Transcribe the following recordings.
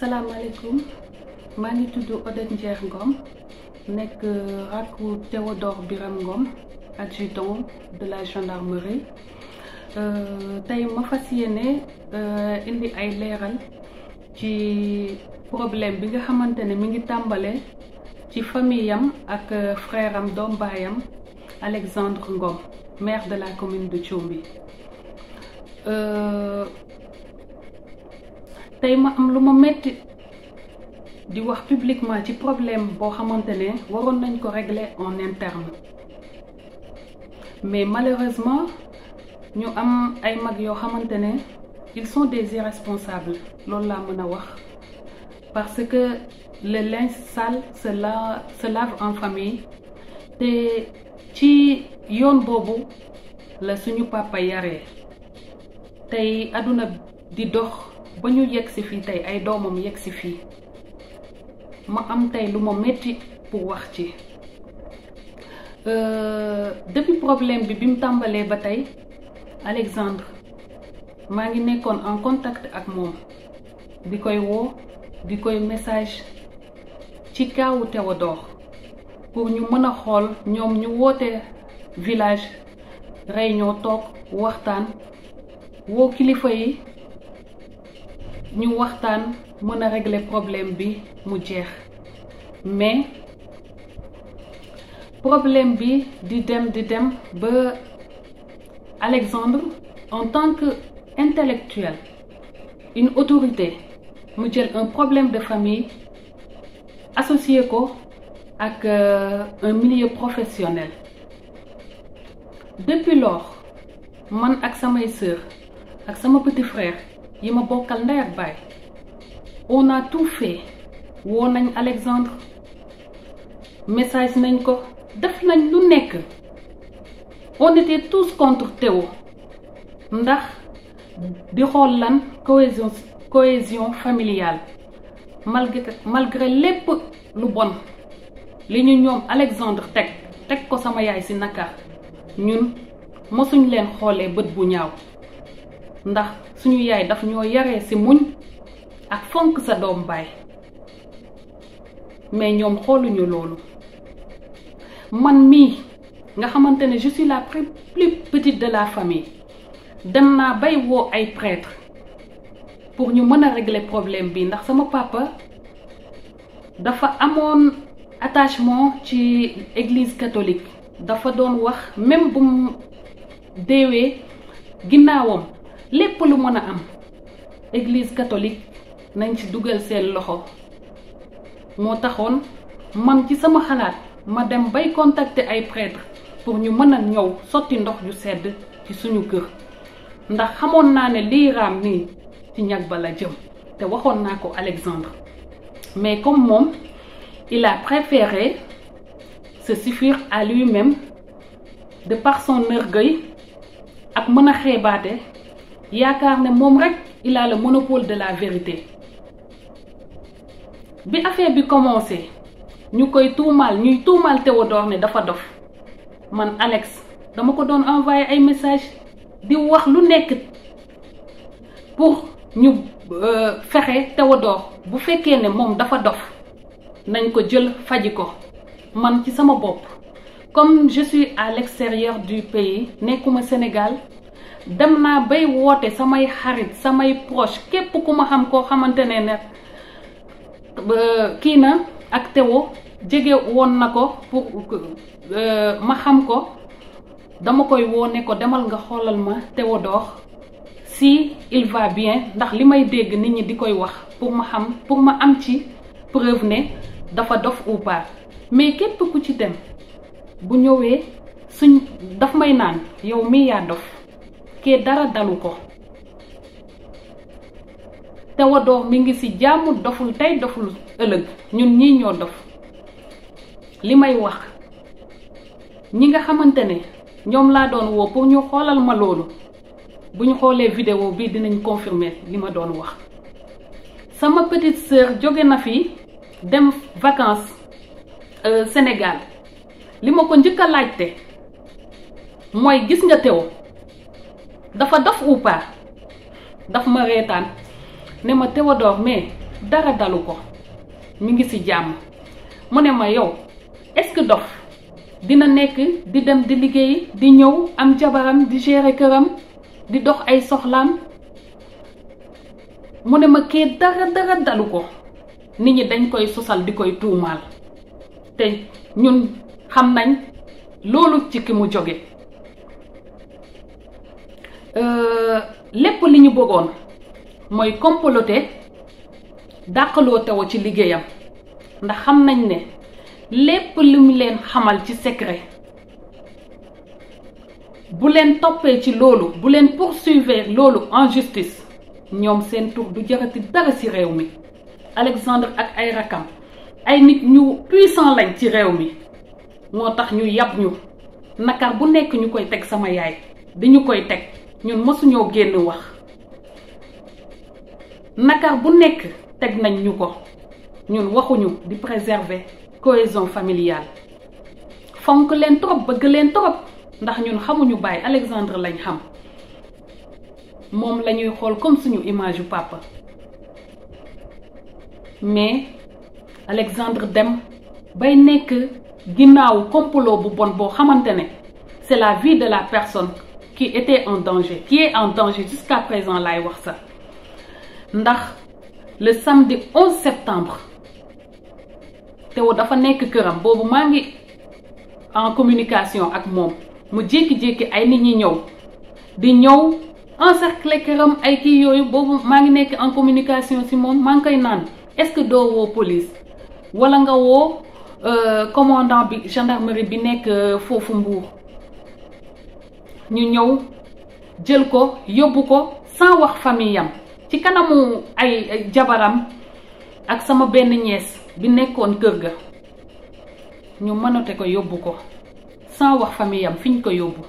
salaamaaleykum maa ngi tudd Odette Ndière Ngom nekk euh, rakku Théodore biram Ngom adjudant de la gendarmerie euh, tey ma fas yéene euh, indi ay leeral ci problème bi nga xamante ne mi ngi tàmbale ci famille am ak frère am doom baayam Alexandre Ngom maire de la commune de Thioumi. tey ma am lu ma metti di wax publiquement ci problème boo xamante ne waroon nañ ko régler en interne mais malheureusement ñu am ay mag yoo xamante ne ils sont des irresponsables loolu laa mën a wax parce que le linge sale se la lave en famille te ci yoon boobu la suñu papa yaree tey àdduna di dox ba ñu yegg si fii tey ay doomam yegg si fii ma am tey lu ma metti pour wax ci euh, depuis problème bi bi mu tàmbalee ba tey Alexandre maa ngi nekkoon en contact ak moom bi koy woo di koy message ci kaawu Théodore pour ñu mën a xool ñoom ñu woote village rey ñoo toog waxtaan woo kilifa yi ñu waxtaan mën a régler problème bi mu jeex mais problème bi di dem di dem ba Alexandre en tant que intellectuel une autorité mu jël un problème de famille associé ko ak euh, un milieu professionnel depuis lors man ak samay sœur ak sama petit frère yi ma bokkal ndey ak baay on a tout woo nañ Alexandre message nañ ko def nañ lu nekk on était tous contre Théo ndax di xool lan cohésion cohésion familiale malgré lépp lu bon li ñu ñoom Alexandre teg teg ko sama yaay ci naka ñun mosuñ leen xoolee bët bu ñaaw ndax suñu yaay dafa ñoo yaree ci muñ ak fonk sa doom baay mais ñoom xooluñu loolu man mii nga xamante ne je suis la plus petite de la famille dem naa bay woo ay prêtre pour ñu mën a régler problème bi ndax sama papa dafa amoon attachement ci église catholique dafa doon wax même bum mu deewee ginnaawam lépp lu mën a am église catholique nañ ci dugal seen loxo moo taxoon man ci sama xalaat ma dem bay contacter ay prêtre pour ñu mën a ñëw sotti ndox yu sedd ci suñu kër ndax xamoon naa ne lii raam nii ci ñag ba la jëm te waxoon naa ko Alexandre mais comme moom il a préféré se suffire à lui-même de par son ak mën a xeebaate yaakaar ne moom rek il a le monopole de la vérité bi affaire bi commencé ñu koy tuumaal ñuy tuumaal Théodore ne dafa dof man Alex dama ko doon envoyé ay message di wax lu nekk pour ñu euh, fexe Théodore bu fekkee ne moom dafa dof nañ ko jël faji ko man ci sama bopp comme je suis à l'extérieur du pays nekkuma Sénégal dem naa bay woote samay xarit samay proche képp ku ma xam koo xamante ne ne euh, kii na ak tewo jege woon na ko pour euh, ma xam ko dama koy woone ko demal nga xoolal ma tewo Théodore si il va bien ndax li may dégg nit ñi di koy wax pour ma xam pour ma am ci preuve ne dafa dof ou pas mais képp ku ci dem bu ñëwee suñ daf may naan yow mi yaa dof kee dara dalu ko te tawadoo mi ngi ci jàmm doful tey doful ëllëg ñun ñii ñoo dof li may wax ñi nga xamante ne ñoom laa doon woo ñu xoolal ma loolu bu ñu xoolee vidéo bi dinañ confirmer li ma doon wax sama petite sœur jóge na fi dem vacances euh, Sénégal li ma ko njëkk a laajte mooy gis nga tew dafa dof ou pas daf ma reetaan ne ma Théodore mais dara dalu ko mi ngi ci jàmm mu ne ma yow est-ce que dof dina nekk di dem di liggéey di ñëw am jabaram di gérer këram di dox ay soxlaam mu ne ma kee dara dara dalu ko nit ñi dañ koy sosal di koy tuumaal te ñun xam nañ loolu ci ki mu jóge Euh, lépp li ñu bëggoon mooy comploter dàqaloo taw ci liggéeyam ndax xam nañ ne lépp li mu leen xamal ci secret bu leen toppee ci loolu bu leen poursuivre loolu en justice ñoom seen tur du jarati dara ci réew mi Alexandre ak ay rakam ay nit ñu puissant lañ ci réew mi moo tax ñu yab ñu nakar bu nekk ñu koy teg sama yaay di ñu koy teg ñun mësuñoo génn wax nakar bu nekk teg nañ ñu ko ñun waxuñu di préserver cohésion familiale fonk leen trop bëgg leen trop ndax ñun xamuñu Baye Alexandre lañ xam moom lañuy xool comme suñu image yu papa mais Alexandre dem bay nekk ginnaawu complot bu bon boo xamante ne c'est la vie de la personne qui était en danger qui est en danger jusqu'à présent laay wax sax ndax le samedi 11 septembre Théo dafa nekk këram boobu maa ngi en communication ak moom mu jékki-jékki ay nit ñi ñëw di ñëw en encercler këram ay kii yooyu boobu maa ngi nekk en communication si moom maa ngi koy naan est-ce que doo woo police wala nga woo euh, commandant bi gendarmerie bi nekk euh, foofu mbuur ñu ñëw jël ko yóbbu ko sans wax famille am ci kanamu ay jabaram ak sama benn ñees bi nekkoon kër ga ñu mënate ko yóbbu ko sans wax famille am fi ko yóbbu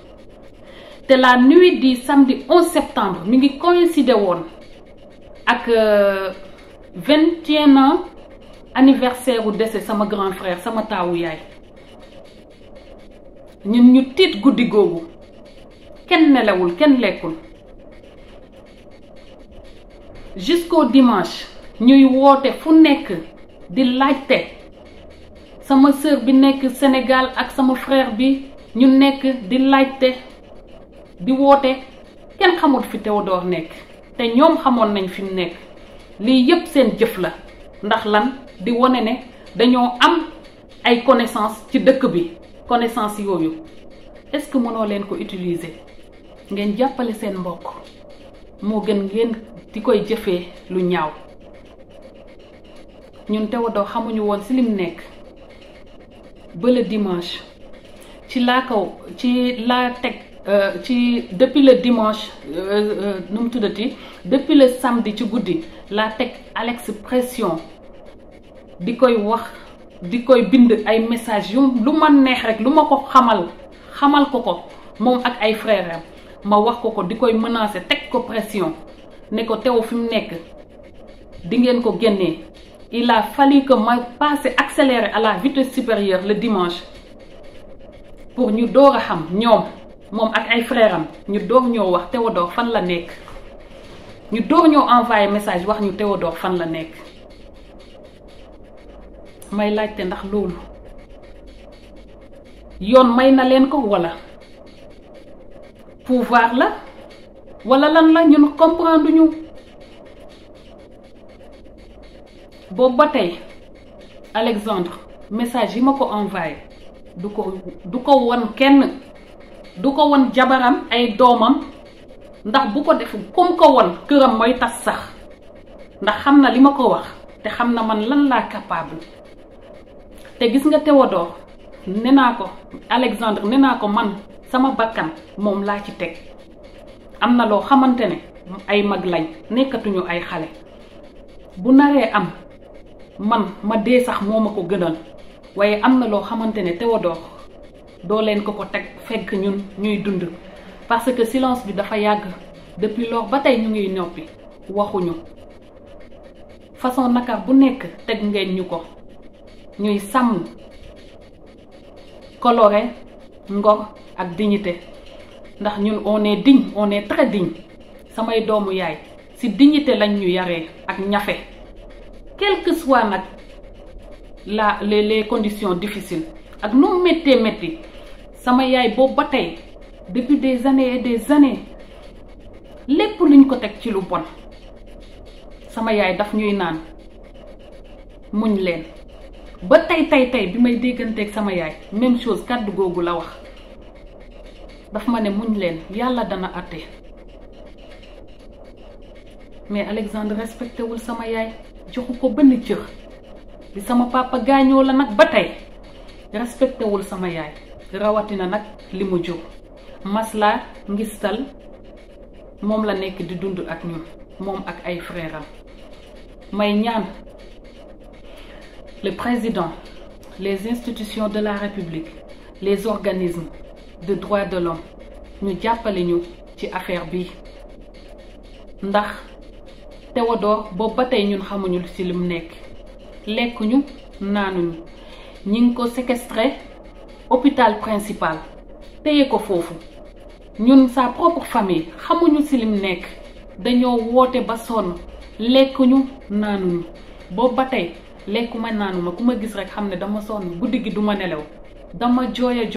te la nuit di samedi 11 septembre mi ngi coïncider woon ak 21 euh, ans anniversaire u décès sama grand frère sama taawu yaay ñun ñu tiit guddi googu kenn nelawul kenn lekkul jusqu'au dimanche ñuy woote fu nekk di laajte sama sœur bi nekk Sénégal ak sama frère bi ñu nekk di laajte di woote kenn xamul fi Théodore nekk te ñoom xamoon nañ fi mu nekk lii yépp seen jëf la ndax lan di wone ne dañoo am ay connessance ci dëkk bi connaissance yooyu est-ce que mënoo leen ko utiliser ngeen jàppale seen mbokk moo gën ngeen di koy jëfee lu ñaaw ñun Théodore xamuñu woon si lim nekk bala dimanche ci laa kaw ci laa teg euh, ci depuis le dimanche euh, euh, nu mu tuddati depuis le samedi ci guddi laa teg Alex pression di koy wax di koy bind ay message yu lu ma neex rek lu ma ko xamal xamal ko ko moom ak ay frères ma wax ko ko di koy menacer teg ko pression ne ko teew fi mu nekk di ngeen ko génnee il a fallu ma passer accéléré à la vitesse supérieure le dimanche pour ñu door a xam ñoom moom ak ay frères am ñu door ñoo wax Théodore fan la nekk ñu door ñoo envoyé message wax ñu Théodore fan la nekk may laajte ndax loolu yoon may na leen ko walla. pouvoir la walla lan la ñun comprendre ñu boobu ba tey Alexandre message yi ma ko envoyé du ko du ko won kenn du ko won jabaram ay doomam ndax bu ko def comme ko won këram mooy tas sax ndax xam na li ma ko wax te xam na man lan laa capable te gis nga Théodore ne naa ko Alexandre nee naa ko man sama bakkan moom laa ci teg am na loo xamante ne ay mag lañ nekkatuñu ay xale bu naree am man ma dee sax moom ma ko gënal waaye am na loo xamante ne Théodore doo leen ko ko teg fekk ñun ñuy dund parce que silence bi dafa yàgg depuis lors ba tey ñu ngi noppi waxuñu façon naka bu nekk teg ngeen ñu ko ñuy sàmm coloré ngor ak dignité ndax ñun on est digne on est très samay doomu yaay si dignité lañ ñu yaree ak ñafe quelque que nag la les les conditions difficiles ak nu mu méttee métti sama yaay boobu ba tey depuis des années des années lépp luñ ko teg ci lu bon sama yaay daf ñuy naan muñ leen ba tey tey tey bi may dégganteeg sama yaay même chose kàddu googu la wax. daf ma ne muñ leen yàlla dana àtte mais Alexandre respecté wul sama yaay joxu ko benn cër bi sama papa gaañoo la nag ba tey respecté wul sama yaay rawatina nag li mu jur maslaa ngistal moom la nekk di dund ak ñun moom ak ay frères may ñaan le président les institutions de la république les organismes de droits de l'homme ñu jàppale ñu ci affaire bi ndax Théodore boobu ba tey ñun xamuñu ci lim nekk lekkuñu naanuñu ñi ngi ko séquestré hôpital principal téye ko foofu ñun sa propre famille xamuñu ci lim nekk dañoo woote ba sonn lekkuñu naanuñu boobu ba tey lekkuma naanuma ku ma gis rekk xam ne dama sonn guddi gi duma nelaw dama jooy